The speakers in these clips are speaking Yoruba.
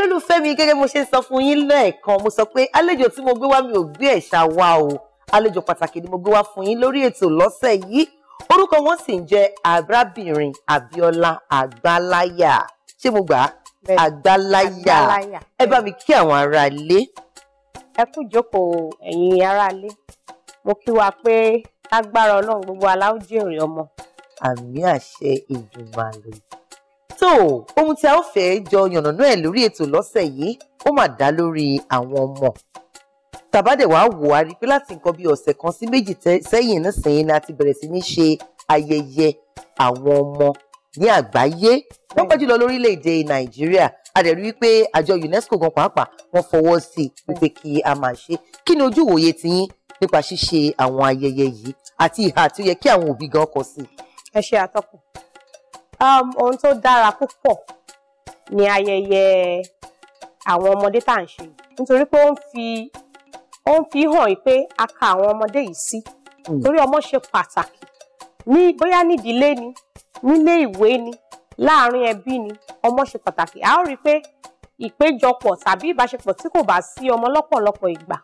olólùfẹ́ mi gẹ́gẹ́ mo ṣe ń sọ fún yín lẹ́ẹ̀kan mo sọ pé àlejò tí mo gbé wá mi ò gbé ẹ̀ṣà wa o àlejò pàtàkì ni mo gbé wá fún yín lórí ètò lọ́sẹ̀ yìí orúkọ wọn sì ń jẹ́ arábìnrin Abíọ́lá Àgbáláyà ṣé mo gbà á Àgbáláyà ẹ bá mi kí àwọn ará ilé. ẹ kú jókòó ẹ̀yin ará ilé mo kí wa pé lágbára Ọlọ́run gbogbo aláwọ̀ jèrè àmì àṣẹ Ìdùmàrè tó ohun tí a ó fẹ́ jọ yànnàná ẹ̀ lórí ètò lọ́sẹ̀ yìí ó mà dá lórí àwọn ọmọ tàbádẹ̀ wàá wò á rí pé láti nǹkan bíi ọ̀sẹ̀ kan sí méjì sẹ́yìn nísìnyí ni a ti bẹ̀rẹ̀ sí ní ṣe ayẹyẹ àwọn ọmọ ní àgbáyé wọ́n pẹ́ jùlọ lórílẹ̀‐èdè nàìjíríà a dẹ̀ rí wípé àjọ UNESCO gan pàápàá wọ́n fọwọ́ sí i wípé kí a máa ṣe kí ni ojú ìwòye tiyín nípa ṣíṣe àwọn ayẹyẹ yìí àti ìhà tí ó yẹ kí àwọn òbí gan kọ sí i. ẹ ṣe àtọkùn Um, ohun tó dára púpọ̀ ni ayẹyẹ àwọn ọmọdé tá à ń ṣe nítorí pé ó ń fi ó ń fi hàn pé a ka àwọn ọmọdé yìí sí hmm. torí ọmọ ṣe pàtàkì ní bóyá nídìílé ni nílé ìwé ni láàárín ẹbí ni ọmọ ṣe pàtàkì a ó rí i pé ìpéjọpọ̀ tàbí ìbáṣepọ̀ tí kò bá sí ọmọ lọ́pọ̀lọpọ̀ ìgbà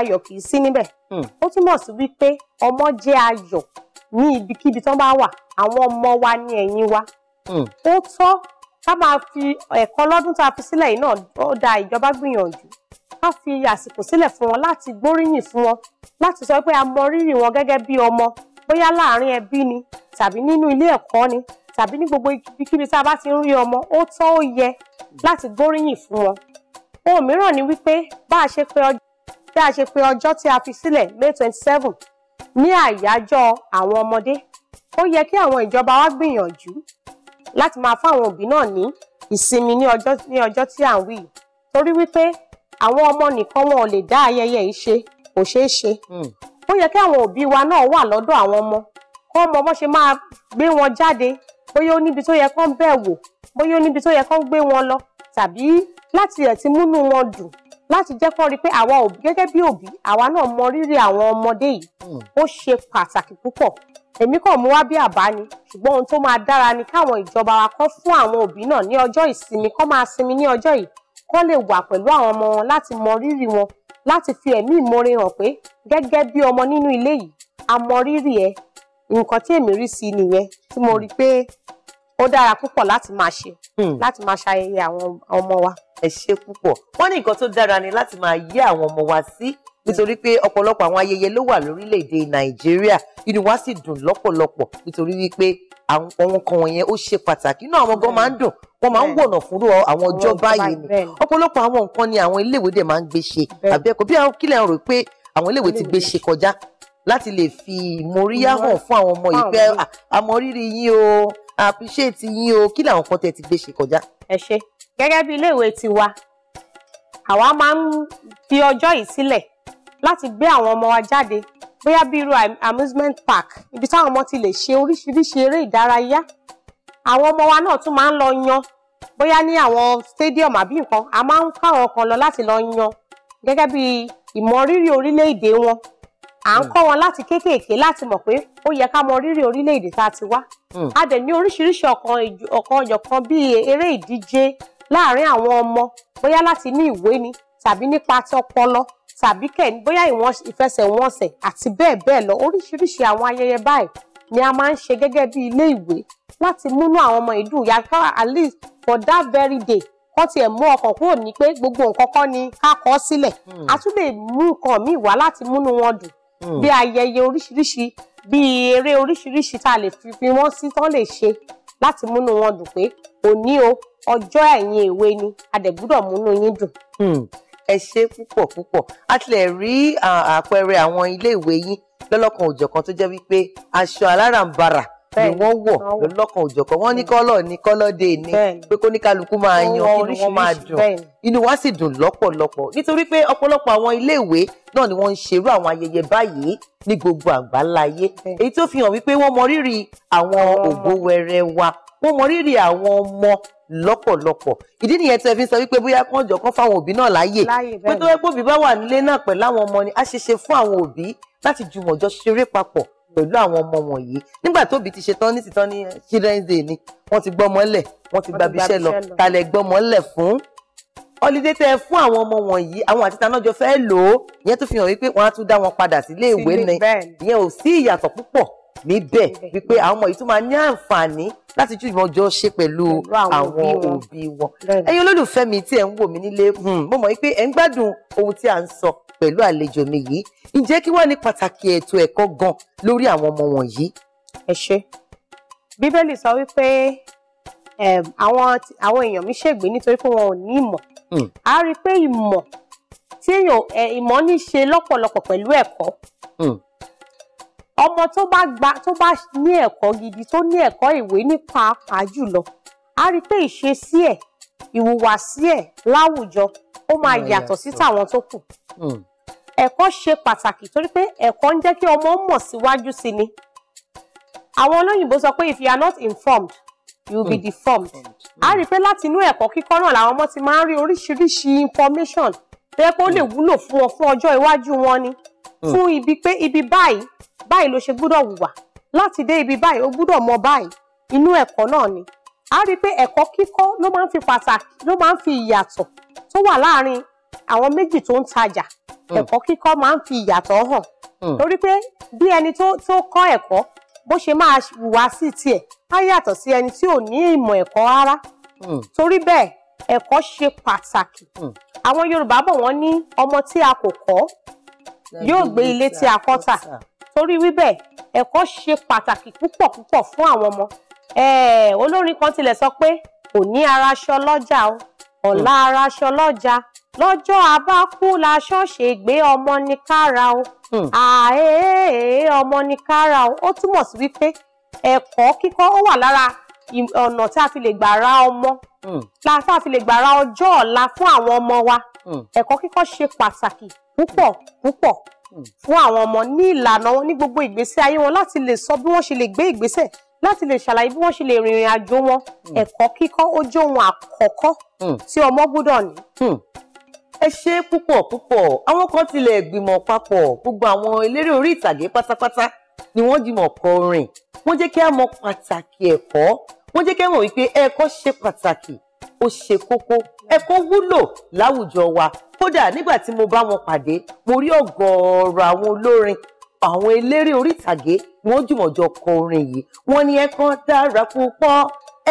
ayọ̀ kì í sí níbẹ̀ hmm. ó túmọ̀ sí wípé ọmọ jẹ́ ayọ̀ ní ibikíbi tí wọ́n bá wà àwọn ọmọ wa ní ẹ̀yìn wa hmm. ó tọ́ ká máa fi ẹ̀kọ́ lọ́dún tá a fi sílẹ̀ yìí náà ó da ìjọba gbìyànjú ká fi àsìkò sílẹ̀ fún wọn láti gbóríyìn fún wọn láti sọ pé a mọ rírì wọn gẹ́gẹ́ bí ọmọ bóyá láàárín ẹbí ni tàbí nínú ilé ẹ̀kọ́ ni tàbí ní gbogbo ibikíbi tá a bá ti ń rí ọmọ ó tọ́ ó yẹ láti gbóríyìn fún wọn. ohun mìíràn ni wípé bá a ṣe pé ọjọ́ tí a fi sílẹ̀ May twenty seven ní àyájọ́ àwọn ọmọdé ó yẹ kí àwọn ìjọba wa gbìyànjú láti máa fún àwọn òbí náà ní ìsinmi ní ọjọ́ ní ọjọ́ tí à ń wí torí wípé àwọn ọmọ nìkan wọn ò lè dá ayẹyẹ yìí ṣe kò ṣeé ṣe hmm. ó yẹ kí àwọn òbí wa náà wà lọ́dọ̀ àwọn ọmọ kọ́ ọmọ bọ́n ṣe máa gbé wọn jáde bóyá ó níbi tó yẹ kán bẹ̀ wò bóyá ó níbi tó yẹ kán gbé wọn lọ tàbí láti ẹ̀ ti múnú wọn dùn láti jẹ́ kó rí pé àwa òbí gẹ́gẹ́ bí òbí àwa náà mọ rírì àwọn ọmọdé yìí hmm. ó ṣe pàtàkì púpọ̀ èmi kàn mú wá bí àbá ni ṣùgbọ́n ohun tó máa dára ni káwọn ìjọba wa kọ́ fún àwọn òbí náà ní ọjọ́ ìsinmi kọ́ máa sinmi ní ọjọ́ yìí kọ́ lè wà pẹ̀lú àwọn ọmọ wọn láti mọ rírì wọn láti fi ẹ̀mí ìmoore hàn pé gẹ́gẹ́ bí ọmọ nínú ilé yìí a mọ rírì ẹ nǹkan tí èmi rí sí nìyẹn tí mo rí pé ó dára púpọ̀ láti máa ṣe hmm. láti máa ṣayẹyẹ àwọn ọmọ wa. ẹ ṣe púpọ̀ wọ́n ní nǹkan tó dára ni láti máa yí àwọn ọmọ wa sí nítorí pé ọ̀pọ̀lọpọ̀ àwọn ayẹyẹ ló wà lórílẹ̀‐èdè nàìjíríà inú wa sì dùn lọ́pọ̀lọpọ̀ nítorí wípé àwọn kan wọ̀nyẹn ó ṣe pàtàkì inú àwọn gan máa ń dùn wọ́n máa ń wọ̀nà fúnrú àwọn ọjọ́ báyìí ni ọ̀pọ̀lọpọ̀ àwọn nǹkan ni àwọn iléèwé dẹ̀ máa ń gbé ṣe àbẹ́kọ̀ bí àwọn kílẹ̀ rò pé àwọn iléèwé ti gbé ṣe kọjá láti lè fi ìmóríyá hàn fún àwọn ọmọ yìí pé àmọrírì yín o appreciate yín o kí làwọn kan tẹ̀ ti gbé ṣe kọjá. ẹ ṣe gẹ́gẹ́ bí iléèwé tiwa àwa máa ń fi ọjọ́ yìí sílẹ̀ láti gbé àwọn ọmọ wa jáde bóyá bí irú amusement park ibi táwọn ọmọ ti lè ṣe oríṣiríṣi eré ìdárayá àwọn ọmọ wa náà tún máa ń lọ yan bóyá ní àwọn stadium àbí nǹkan a máa ń káwọn kan lọ láti lọ yan gẹ́gẹ́ bí ìmọrírì orílẹ̀-èdè wọn à ń hmm. kọ́ wọn láti kéékèèké láti mọ̀ pé ó yẹ ká mọ rírì orílẹ̀-èdè tá a ti wá. Hmm. a dẹ̀ ní oríṣiríṣi ọ̀kan ọ̀jọ̀kan bíi eré ìdíje láàárín àwọn ọmọ bóyá láti ní ìwé ni tàbí nípa ti ọpọlọ tàbí kẹ̀ bóyá ìwọ̀n ìfẹsẹ̀wọnsẹ̀ àti bẹ́ẹ̀ bẹ́ẹ̀ lọ oríṣiríṣi àwọn ayẹyẹ báyìí ni a máa ń ṣe gẹ́gẹ́ bí ilé ìwé láti múnú àwọn ọmọ ìdùn yàtọ̀ at least for that very day kọ́ tiẹ̀ mú ọkàn kúrò ní pé gbogbo nǹkan kọ́ ni ká kọ́ sílẹ̀ hmm. a tún lè mú nǹkan míì wá láti múnú wọn dùn Hmm. bí ayẹyẹ oríṣiríṣi bí eré oríṣiríṣi tá a lè fi fi wọ́n sí tán lè ṣe láti múnú wọn dùn pé òní o ọjọ́ ẹ̀yin ìwé ni a dẹ̀ gbúdọ̀ múnú yín dùn. Hmm. ẹ ṣe púpọ̀ púpọ̀ a tilẹ̀ rí àpẹẹrẹ àwọn ilé ìwé yín lọ́lọ́kan òjọ̀kan tó jẹ́ wípé aṣọ aláràǹbarà ni wọ́n wọ̀ lọ́kàn òjọ̀kan wọ́n ní kọ́lọ̀ ní kọ́lọ̀ dé ní pé kó ní kálukú máa yan inú wọn máa dùn inú wa sì dùn lọ́pọ̀lọpọ̀ nítorí pé ọ̀pọ̀lọpọ̀ àwọn iléèwé náà ni wọ́n ń ṣerú àwọn ayẹyẹ báyìí ní gbogbo àgbáláyé èyí tó fi hàn wípé wọ́n mọrírì àwọn ògbówẹrẹ wa wọ́n mọrírì àwọn ọmọ lọ́pọ̀lọpọ̀ ìdí nìyẹn tí ẹ fi sọ wípé bóyá kán jọ kán fáwọn òbí náà láàyè pé tó ẹgbẹ́ òbí bá wà nílé náà pẹ̀lú àwọn ọmọ ni á ṣe ṣe fún àwọn òbí láti jùmọ̀jọ ṣeré papọ̀ pẹ̀lú àwọn ọmọ wọ̀nyí nígbà tóbi ti ṣe tán ní titán ní children's day ni wọ́n ti gbọ́ mọ́lẹ̀ wọ́n ti gbabi iṣẹ́ lọ talẹ̀ gbọ́ mọ́lẹ̀ fún holiday tẹ fún àwọn ọmọ wọ̀nyí àwọn àti tanájọ fẹ́ lò ó ìyẹn tó fi hàn wípé wọ́n á tún dá wọn padà sílé ìwé ni ìyẹn ò sí ìyàtọ̀ púpọ̀ níbẹ̀ wípé àwọn ọmọ yìí tún máa ní àǹfààní láti tún ìmọ̀ jọ ṣe pẹ̀lú àwọn òbí wọn ẹ̀yin olólùfẹ́ mi tí ẹ̀ ń wò mí nílé hmm, mo mọ̀ wípé ẹ̀ ń gbádùn ohun tí à ń sọ pẹ̀lú àlejò mi yìí ǹjẹ́ kí wá ní pàtàkì ètò ẹ̀kọ́ gan lórí àwọn ọmọ wọ̀nyí. ẹ ṣe bíbélì sọ wípé àwọn èèyàn mi ṣègbé nítorí pé wọn ò ní ìmọ̀ hmm. a rí i pé ìmọ̀ tí èèyàn ìmọ̀ ní ṣe lọ́pọ̀lọpọ̀ pẹ̀lú ẹ̀kọ́ hmm. ọmọ tó bá gba tó bá ní ẹ̀kọ́ gidi tó ní ẹ̀kọ́ ìwé ní pàápàá jùlọ a rí i pé ìṣesí ẹ̀ ìhùwàsí ẹ̀ láwùjọ ó máa yàtọ̀ sí tàwọn tó kù hmm ẹ̀kọ́ ṣe pàtàkì torí pé ẹ̀kọ́ ń jẹ́ kí ọmọ mọ̀ síwájú sí ni àwọn olóyìnbó sọ pé if you are not informed you will be hmm. deformed a rí i pé láti inú ẹ̀kọ́ kíkọ́ náà làwọn ọmọ ti máa ń rí oríṣiríṣi information tó yẹ pé lè hmm. wúlò fún wọn fún ọjọ́ iwájú wọn ni hmm. fún ibi pé ibi báyìí báyìí ló ṣe gbúdọ̀ wùwà láti dé ibi báyìí ó gbúdọ̀ mọ báyìí inú ẹ̀kọ́ náà ni a rí i pé ẹ̀kọ́ kíkọ́ ló máa ń fi pàtàkì ló máa ń fi ìyàtọ̀ tó wà láàárín àwọn méjì tó ń tajà Hmm. ẹ̀kọ́ kíkọ́ máa ń fi ìyàtọ̀ hàn hmm. torí pé bí ẹni tó kọ́ ẹ̀kọ́ bó ṣe máa wùwá sí tiẹ̀ á yàtọ̀ sí ẹni tí ò ní ìmọ̀ ẹ̀kọ́ rárá hmm. torí bẹ́ẹ̀ ẹ̀kọ́ ṣe pàtàkì àwọn Yorùbá bọ̀ wọ́n ní ọmọ tí a kò kọ́ yóò gbé ilé tí a kọ́ tà torí wíbẹ̀ ẹ̀kọ́ ṣe pàtàkì púpọ̀ púpọ̀ fún àwọn ọmọ olórin kan tilẹ̀ sọ pé kò ní ara aṣọ lọ́jà o ọ̀la ara aṣọ lọ́jà lọ́jọ́ abákú la ṣọ́ọ̀ṣì gbé ọmọ ní kára o hmm. àẹ́ eh, eh, eh, ọmọ ní kára o ó túmọ̀ sí wípé ẹ̀kọ́ kíkọ́ ó wà lára ọ̀nà tí a fi lè gbà ra ọmọ hmm. la tá a fi lè gbà ra ọjọ́ ọ̀la fún àwọn ọmọ wa hmm. ẹ̀kọ́ kíkọ́ ṣe pàtàkì púpọ̀ púpọ̀ fún àwọn ọmọ ní ìlànà wọn ní gbogbo ìgbésí ayé wọn láti lè sọ bí wọ́n ṣe lè gbé ìgbésẹ̀ láti lè ṣàlàyé bí wọ́n ṣe lè rìnrìn àjò wọn ẹ̀kọ́ kíkọ́ ó jẹ́ ohun àkọ́kọ́ tí ọmọ gbọ́dọ̀ ní ẹ ṣe púpọ̀ púpọ̀ àwọn kan tilẹ̀ gbìmọ̀ papọ̀ gbogbo àwọn eléré orí ìtàgé pátápátá ni wọ́n jìmọ̀ kọ orin wọ́n jẹ́ kí a mọ pàtàkì ẹ̀kọ́ wọ́n jẹ́ kí a mọ̀ wípé ẹ̀kọ́ ṣe pàtàkì ó ṣe kókó ẹ̀kọ́ wúlò láwùjọ wa kódà nígbà tí mo bá wọn pàdé mo rí ọ̀gọ̀ọ̀rọ̀ àwọn olórin àwọn eléré orí ìtàgé ni wọ́n jùmọ̀ jọ kọ orin yìí wọ́n ní ẹ̀kọ́ dára púpọ̀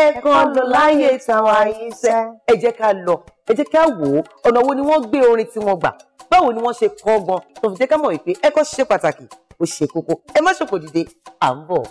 ẹ̀kan lọ láyé tàwa yìí sẹ́. ẹ jẹ́ ká lọ ẹ jẹ́ ká wò ó ọ̀nà wo ni wọ́n gbé orin tí wọ́n gbà báwo ni wọ́n ṣe kọ́ gan tó fi jẹ́ ká mọ̀ wípé ẹ̀kọ́ ṣe pàtàkì ó ṣe kókó ẹ má ṣòkò dìde à ń bọ̀.